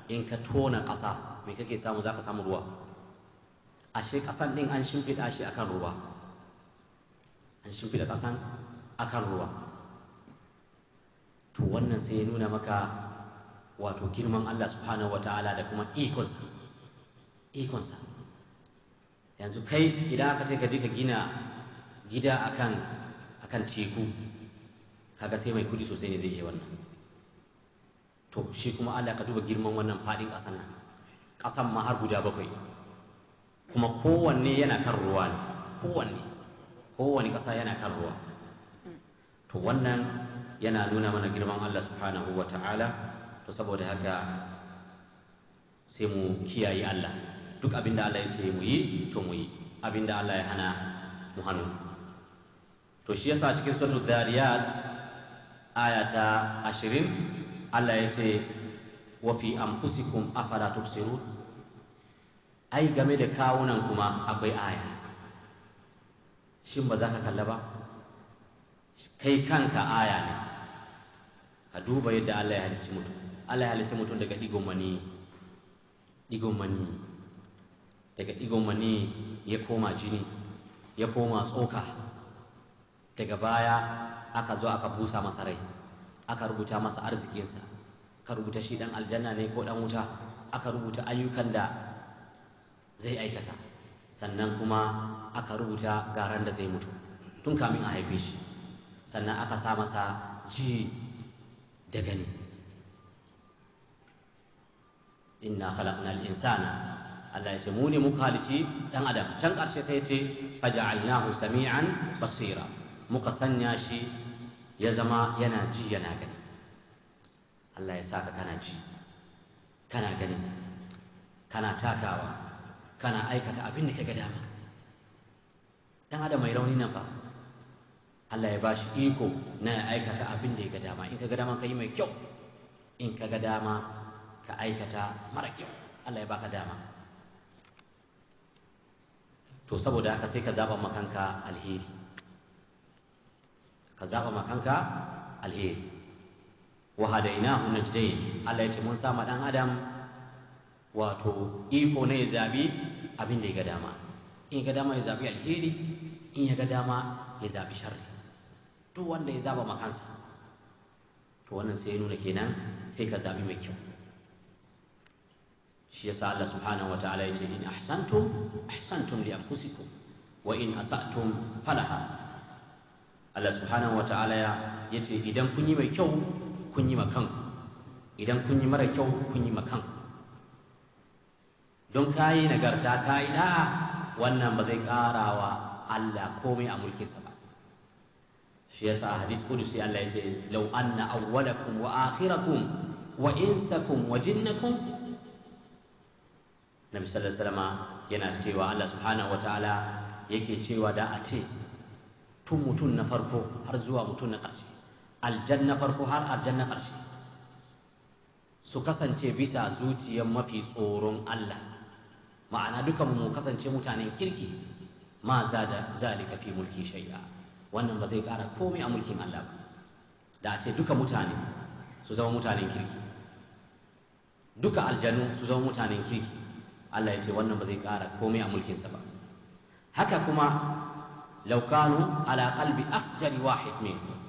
in ka tona ƙasa me kake samu za ka samu ruwa ashe ƙasan ɗin an shimfiɗa shi akan ruwa an shimfida ƙasan akan ruwa to wannan sai ya nuna maka wato girman Allah subhanahu ta'ala da kuma ikonsa ikonsa yanzu kai idan aka ce ka ji ka gina gida akan akan teku kaga sai mai kudi sosai ne zai iya wannan to shi kuma Allah ka duba girman wannan faɗin ƙasan nan ƙasan ma har guda bakwai kuma kowanne yana kan ruwa ne kowanne kowane ƙasa yana kan ruwa to wannan yana nuna mana girman Allah subhanahu wa ta'ala to saboda haka sai mu kiyaye Allah duk abin da Allah ya ce mu yi to mu yi abin da Allah ya hana mu hannu to shi yasa cikin suratul dhariyat aya ta 20 Allah ya ce wa fi anfusikum afala tubsirun ai game da kawunan kuma akwai aya shin ba za ka kalla ba kai kanka aya ne ka duba yadda Allah ya halicci mutum Allah ya halicci mutum daga digon mani daga ya koma jini ya koma tsoka daga baya aka zo aka busa masa rai aka rubuta masa arzikinsa ka rubuta shi dan aljanna ne ko dan wuta aka rubuta ayyukan da zai aikata sannan kuma aka rubuta garan da zai mutu tun kamin a haife shi sannan aka sa masa ji da gani inna al insana Allah ya ce mu ne muka halici dan adam can ƙarshe sai ya ce faja'alnahu sami'an basira muka sanya shi ya zama yana ji yana gani Allah ya saka kana ji kana gani kana takawa kana aikata abin da ka ga dama dan adam mai rauni nan fa Allah ya bashi iko na ya aikata abin da ya ga dama in ka ga dama ka yi mai kyau in ka ga dama ka aikata mara kyau Allah ya baka dama to saboda haka sai ka zaba makanka alheri ka zaba makanka alheri wa hadainahu najdain Allah ya ce mun sama dan adam wato iko ne zabi abin da ya ga dama in ya ga dama ya zaɓi alheri in ya ga dama ya zaɓi sharri duk wanda ya zaɓa makansa to wannan sai ya nuna kenan sai ka zaɓi mai kyau shi yasa Allah subhanahu wa ta'ala yace in ahsantum ahsantum li anfusikum wa in asatum falaha Allah subhanahu wa ta'ala yace idan kun yi mai kyau kun yi ma kanku. idan kun yi mara kyau kun yi ma kanku. don ka yi nagarta ka yi da, wannan ba zai ƙara wa Allah komai a mulkinsa ba shi yasa a hadis kudusi Allah ya ce law anna awwalakum wa akhirakum wa insakum wa jinnakum Nabi sallallahu alaihi wasallam yana cewa Allah subhanahu wataala yake cewa da a ce tun mutum na farko har zuwa mutum na ƙarshe aljanna farko har aljanna ƙarshe su kasance bisa zuciyar mafi tsoron Allah ma'ana dukan mu kasance mutanen kirki ma zada zalika fi mulki shay'a wannan ba zai kara komai a mulkin Allah ba da a ce duka mutane su zama mutanen kirki duka aljanu su zama mutanen kirki Allah ya ce wannan ba zai kara komai a mulkinsa ba haka kuma laukanu ala qalbi afjari wahid minkum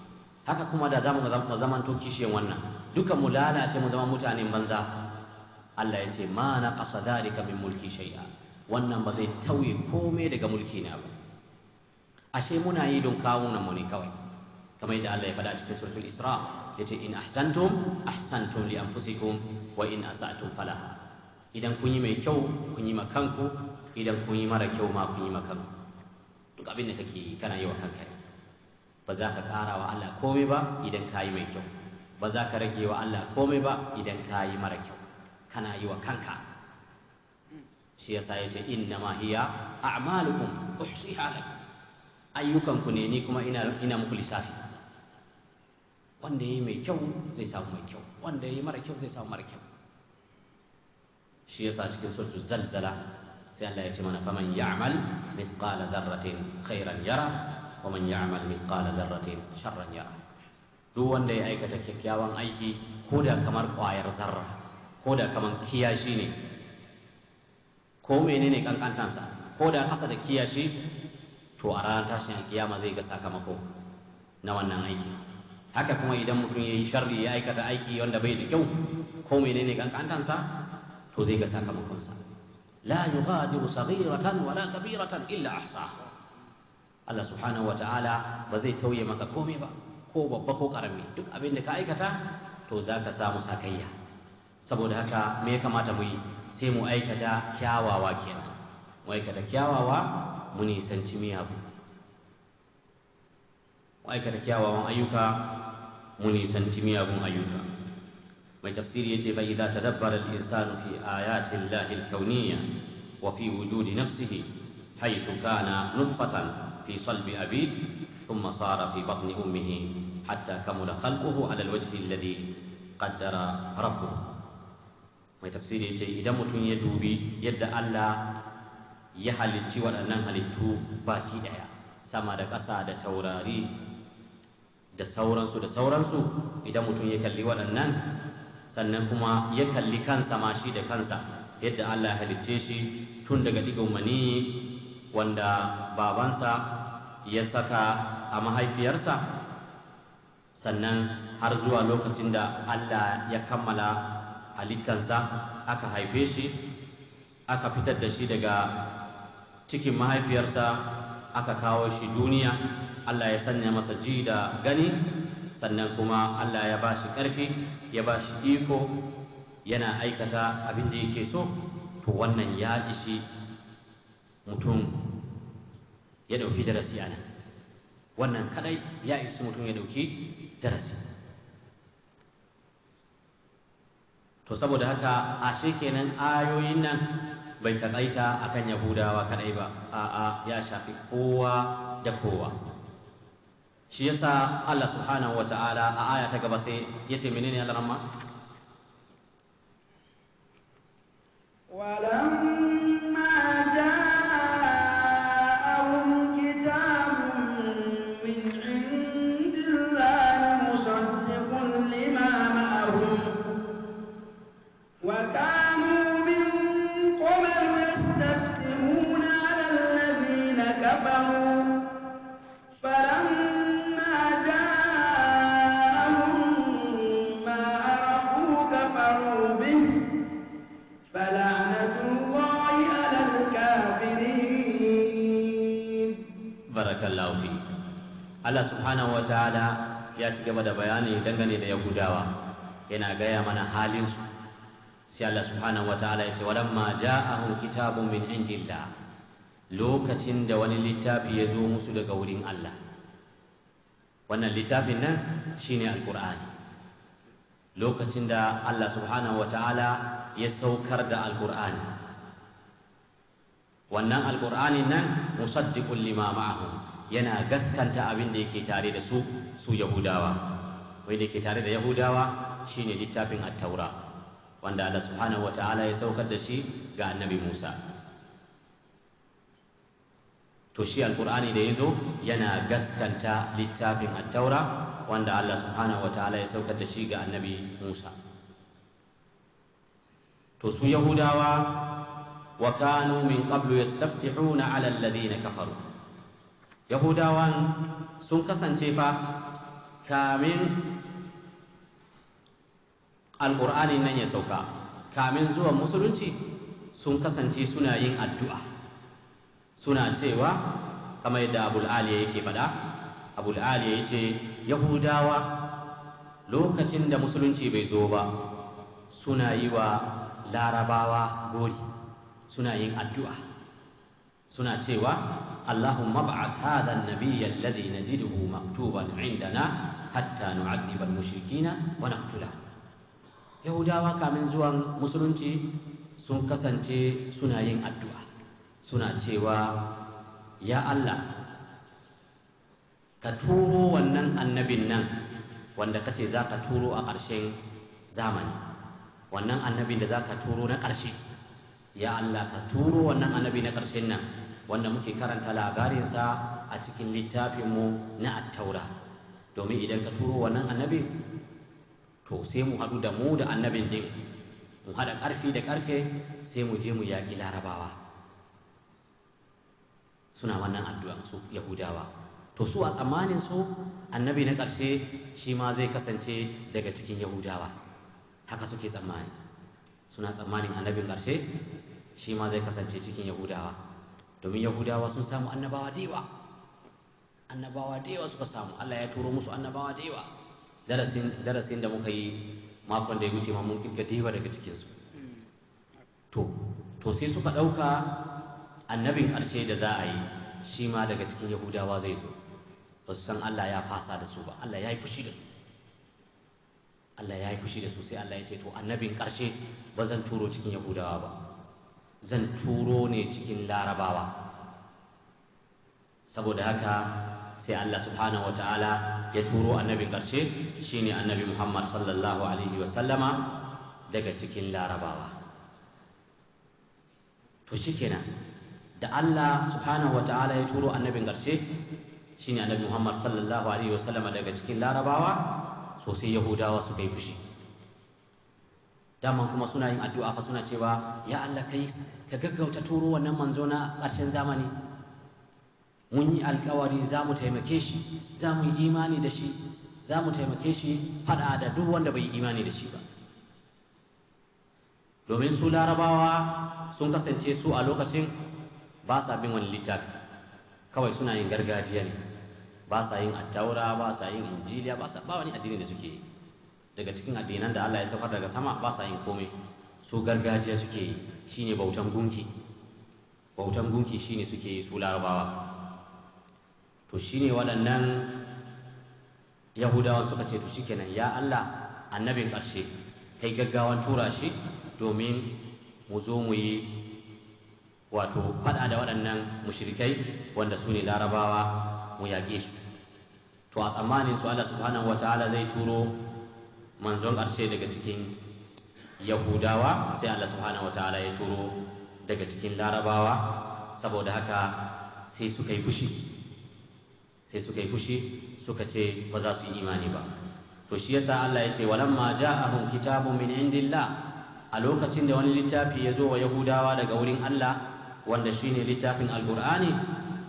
haka kuma da zamu zamanto kishiyan wannan duka mu lalace mu zama mutanen banza Allah ya ce ma na qasa dhalika min mulki shai'a. wannan ba zai tauye komai daga mulki na ba ashe muna yi don kawunan mu ne kawai kamar yadda Allah ya faɗa cikin suratul Isra yace in ahsantum ahsantum li anfusikum wa in asa'tum falaha idan kun yi mai kyau kun yi ma kanku idan kun yi mara kyau ma kun yi ma kanku duk abin da kake yi kana yi wa kanka ba za ka ƙara wa Allah komai ba idan ka yi mai kyau ba za ka rage wa Allah komai ba idan ka yi mara kyau kana yi wa kanka shi ya sa yasa yace inna ma hiya a'malukum uhsiha lakum ayyukanku ne ni kuma ina ina muku lissafi wanda yayi mai kyau zai samu mai kyau wanda yayi mara kyau zai samu mara kyau shi ya sa cikin suratul zalzala sai Allah ya ce mana faman ya'mal mithqala dharratin khairan yara wa man ya'mal mithqala dharratin sharran yara duk wanda ya aikata kyakkyawan aiki ko da kamar kwayar zarra ko da kaman kiyashi ne ko menene kankantansa ko da kasa da kiyashi to a ranar tashin alkiyama zai ga sakamako na wannan aiki haka kuma idan mutum ya yi sharri ya aikata aiki wanda bai da kyau ko menene kankantansa to zai ga sakamakonsa la yughadiru saghiratan wala kabiratan illa ahsaha Allah subhanahu wata'ala ba zai tauye maka komai ba ko babba ko karami duk abin da ka aikata to zaka samu sakayya saboda haka me ya kamata mu yi sai mu aikata kyawawa kenan mu aikata kyawawa mu nisanci miyagu mu aikata kyawawan ayyuka mu nisanci miyagun ayyuka mai tafsiri ya ce fa idza tadabbara al-insanu fi ayati llahi al-kawniyya wa fi wujudi nafsihi haythu kana nutfatan fi salbi abi thumma sara fi batni ummihi hatta kamula khalquhu ala al-wajhi alladhi qaddara rabbuhu mai tafsiri ce idan mutum ya dubi yadda Allah ya halicci waɗannan halittu baki ɗaya sama da ƙasa da taurari da sauransu da sauransu idan mutum ya kalli waɗannan sannan kuma ya kalli kansa ma shi da kansa yadda Allah ya halicce shi tun daga ɗigon mani wanda babansa ya saka a mahaifiyarsa sannan har zuwa lokacin da Allah ya kammala halittansa aka haife shi aka fitar da shi daga cikin mahaifiyarsa aka kawo shi duniya Allah ya sanya masa ji da gani sannan kuma Allah ya ba shi ƙarfi ya ba shi iko yana aikata abin da yake so to wannan ya ishi mutum ya ɗauki darasi a nan wannan kadai ya ishi mutum ya ɗauki darasi to saboda haka a kenan ayoyin nan bai takaita akan yahudawa kadai ba a'a ya shafi kowa da kowa shi yasa Allah subhanahu wata'ala a aya ta gaba sai yace menene Allah ramma walam barakallahu fi Allah subhanahu wataala ya ci gaba da bayani dangane da yahudawa yana gaya mana halin su sai Allah subhanahu wataala ya ce walamma ja'ahu kitabun min indillah lokacin da wani littafi ya zo musu daga wurin Allah wannan littafin nan shine alqur'ani lokacin da Allah subhanahu wa ya saukar da alkur'ani wannan alqur'ani nan musaddiqul lima ma'ahu yana gaskanta abin da yake tare da su su yahudawa wai da ke tare da yahudawa shine littafin at-taura wanda Allah subhanahu wa ya saukar da shi ga annabi Musa to shi alkur'ani da ya zo yana gaskanta littafin attaura wanda Allah subhanahu wa ya saukar da shi ga annabi Musa to su yahudawa wa kanu min qablu yastaftihuna ala alladhina kafaru yahudawan sun kasance fa kamin alqur'ani nan ya sauka kamin zuwa musulunci sun kasance suna yin addu'a suna cewa kamar yadda abul yake faɗa abul ya ce yahudawa lokacin da musulunci bai zo ba suna yi wa larabawa gori suna yin addu'a suna cewa allahumma ba'ath hadha an-nabiyya alladhi najiduhu maktuban indana hatta nu'adhiba al-mushrikina wa naqtula yahudawa kamin zuwan musulunci sun kasance suna yin addu'a suna cewa ya Allah ka turo wannan annabin nan wanda ka ce za ka turo a ƙarshen zamani wannan annabin da za ka turo na ƙarshe ya Allah ka turo wannan annabi na ƙarshen nan wanda muke karanta labarinsa a cikin littafinmu na attaura domin idan ka turo wannan annabin to sai mu haɗu da mu da annabin ɗin, mu haɗa ƙarfi da ƙarfe sai mu je mu yaƙi larabawa suna wannan addu'an su yahudawa to su a tsammanin su annabi na ƙarshe shi ma zai kasance daga cikin yahudawa haka suke tsammani suna tsammanin annabin ƙarshe shi ma zai kasance cikin yahudawa domin yahudawa sun samu annabawa da yawa annabawa da yawa suka samu allah ya turo musu annabawa da yawa darasin da muka yi makon da ya wuce ma mun kirga da yawa daga cikinsu mm. to to sai suka ɗauka annabin ƙarshe da za a yi shi ma daga cikin yahudawa zai zo ba su san allah ya fasa da su ba allah ya yi fushi da su allah ya yi fushi da su sai allah ya ce to annabin ƙarshe ba zan turo cikin yahudawa ba zan turo ne cikin larabawa saboda haka sai allah subhanahu wataala ya turo annabin ƙarshe shine annabi muhammad sallallahu alaihi wasallama daga cikin larabawa to shi kenan. da Allah subhanahu wata'ala ya turo annabin garshe shine annabi Muhammad sallallahu alaihi sallama, daga cikin larabawa sosai yahudawa suka yi fushi dama kuma suna yin addu'a fa suna cewa ya Allah kai ka gaggauta turo wannan manzo na ƙarshen zamani mun yi alƙawari za mu taimake shi za mu yi imani da shi za mu taimake shi faɗa da duk wanda bai yi imani da shi ba domin su larabawa sun kasance su a lokacin ba sa bin wani littafi kawai suna yin gargajiya ne ba sa yin attaura ba sa yin injiliya ba sa ba wani addini da suke yi daga cikin addinan da Allah ya saukar daga sama ba sa yin komai su gargajiya suke yi shine bautan gunki bautan gunki shine suke yi su larabawa to shine waɗannan yahudawa suka ce to shikenan ya Allah annabin ƙarshe kai gaggawan tura shi domin mu zo mu yi wato faɗa da waɗannan mushrikai wanda su ne larabawa mu yaƙe su to a tsammanin su Allah subhanahu wataala zai turo manzon ƙarshe daga cikin yahudawa sai Allah subhanahu wataala ya turo daga cikin larabawa saboda haka sai suka yi fushi sai suka yi fushi suka ce ba za su yi imani ba to shi yasa Allah ya ce walamma ja'ahum kitabun min indillah a lokacin da wani littafi ya zo wa yahudawa daga wurin Allah wanda shine littafin alkur'ani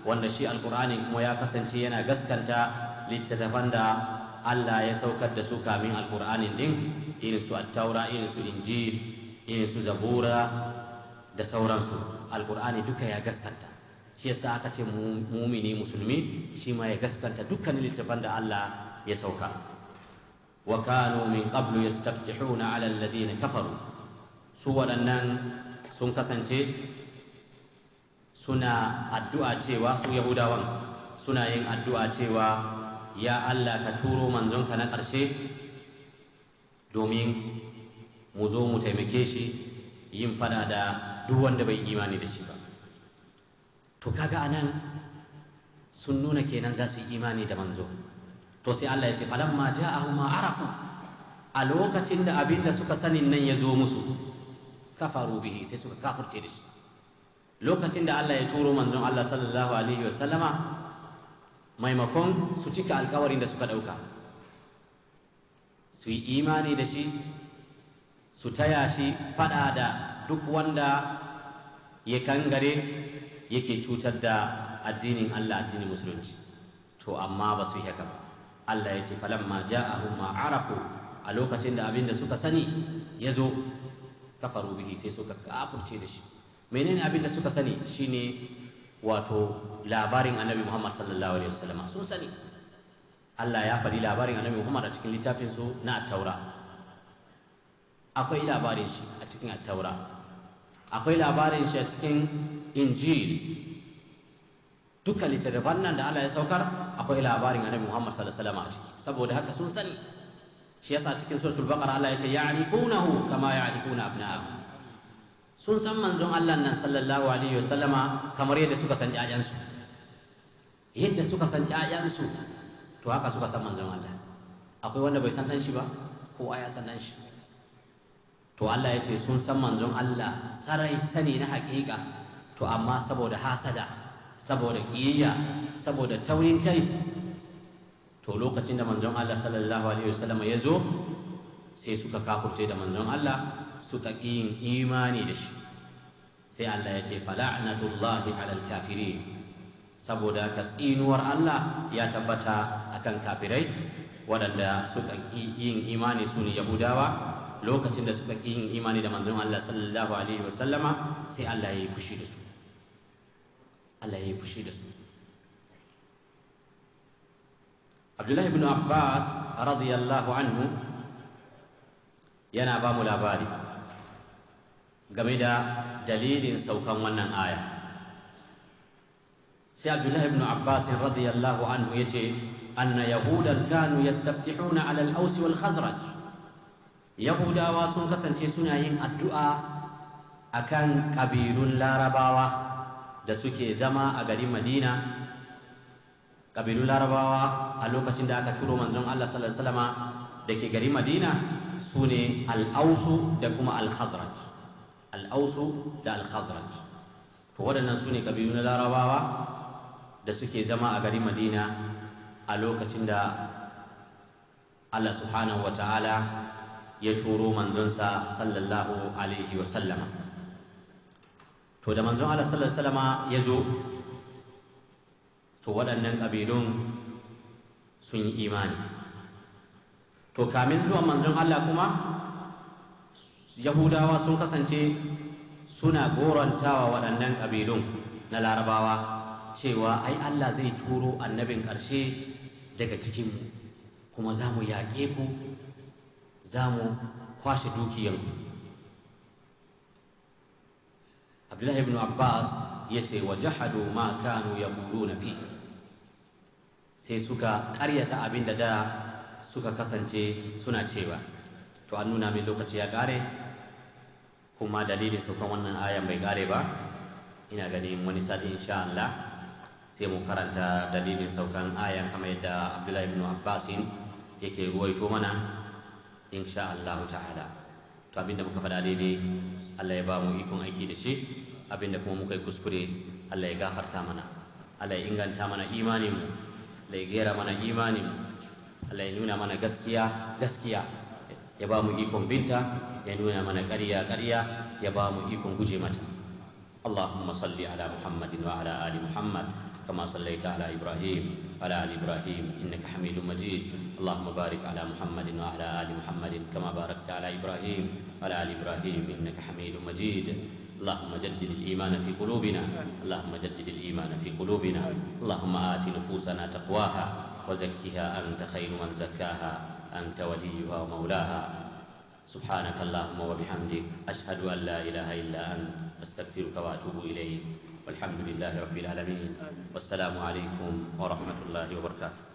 wanda shi alkur'ani kuma ya kasance yana gaskanta littattafan da Allah ya saukar da su kamin alkur'anin din irin su attaura irin su injil irin su zabura da sauransu alkur'ani duka ya gaskanta shi yasa aka ce mumini musulmi shi ma ya gaskanta dukkanin littattafan da Allah ya sauka wa kanu min qablu na ala na kafaru su waɗannan sun kasance suna addu'a cewa su yahudawan suna yin addu'a cewa ya allah ka turo manzonka na ƙarshe domin mu zo mu taimake shi yin fada da duk wanda bai imani da shi ba to kaga nan sun nuna kenan za su yi imani da manzo to sai allah ya ce falamma a ma arafu a lokacin da abin da suka sanin nan ya zo musu kafaru bihi sai suka kafurce da shi lokacin da Allah ya turo manzon Allah sallallahu alaihi sallama maimakon su cika alkawarin da suka ɗauka su yi imani da shi su taya shi faɗa da duk wanda ya kangare yake cutar da addinin Allah addinin musulunci to amma ba su yi haka ba Allah ya ce falamma ja'ahum ma arafu a lokacin da abin da suka sani ya zo kafaru bihi sai suka kafurce da shi menene abin da suka sani shine wato labarin annabi muhammad sallallahu alaihi wasallam sun sani allah ya faɗi labarin annabi muhammad a cikin littafin su na taura akwai labarin shi a cikin taura akwai labarin shi a cikin injil duka littattafan nan da allah ya saukar akwai labarin annabi muhammad sallallahu alaihi wasallam a ciki saboda haka sun sani shi yasa cikin suratul baqara allah ya ce ya'rifunahu kama ya'rifuna abna'ahum sun san manzon Allah nan sallallahu alaihi wasallama kamar yadda suka san ƴaƴansu yadda suka san ƴaƴansu to haka suka san manzon Allah akwai wanda bai san dan shi ba ko ya san dan shi to Allah ya ce sun san manzon Allah sarai sani na haƙiƙa to amma saboda hasada saboda ƙiyayya saboda taurin kai to lokacin da manzon Allah sallallahu alaihi wasallama ya zo sai suka kafurce da manzon Allah suka ƙi yin imani da shi sai Allah ya ce fala'natullahi alal kafirin saboda ka tsinuwar Allah ya tabbata akan kafirai waɗanda suka ƙi yin imani su ne yahudawa lokacin da suka ƙi yin imani da manzon Allah sallallahu alaihi wa sallama sai Allah ya yi fushi da su Allah ya yi fushi da su Abdullahi ibn Abbas radiyallahu anhu yana ba mu labari game da dalilin saukan wannan aya sai abdullahi ibn abbas radiyallahu anhu yace anna yahudan kanu yastaftihuna ala al aws wal khazraj yahudawa sun kasance suna yin addu'a akan kabirun larabawa da suke zama a garin madina kabirun larabawa a lokacin da aka turo manzon Allah sallallahu alaihi wasallama dake garin madina sune al aws da kuma al-khazraj al'ausu da al-khazraj to waɗannan su ne ƙabilu na larabawa da suke zama a garin madina a lokacin da allah subhanahu wa ta'ala ya turo manzonsa sallallahu alaihi wa sallama to da manzon allah sallallahu alaihi sallama ya zo to waɗannan ƙabilun sun yi imani to kamin zuwan manzon allah kuma yahudawa sun kasance suna gorantawa waɗannan ƙabilun na larabawa cewa ai allah zai turo annabin ƙarshe daga cikinmu kuma za mu yaƙe ku za mu kwashe dukiyanku abdullahi ibn abbas ya ce wa jahadu ma kanu ya buru na fi sai suka karyata abin da da suka kasance suna cewa to an nuna min lokaci ya ƙare kuma dalilin saukan wannan aya mai kare ba ina ganin wani sati insha Allah sai mu karanta dalilin saukan aya kamar yadda Abdullahi ibn Abbasin yake ruwaito mana insha Allah ta'ala to abinda muka faɗa daidai Allah ya ba mu ikon aiki da shi abinda kuma muka yi kuskure Allah ya gafarta mana Allah ya inganta mana imaninmu Allah ya gera mana imaninmu Allah ya nuna mana gaskiya gaskiya ya ba mu ikon binta ya nuna mana ƙarya يبام ya ba mu ikon guje mata اللهم صل على محمد وعلى آل محمد كما صليت على إبراهيم على آل إبراهيم إنك حميد مجيد اللهم بارك على محمد وعلى آل محمد كما باركت على إبراهيم على آل إبراهيم إنك حميد مجيد اللهم جدد الإيمان في قلوبنا اللهم جدد الإيمان في قلوبنا اللهم آت نفوسنا تقواها وزكها أنت خير من زكاها أنت وليها ومولاها سبحانك اللهم وبحمدك أشهد أن لا إله إلا أنت أستغفرك وأتوب إليك والحمد لله رب العالمين والسلام عليكم ورحمة الله وبركاته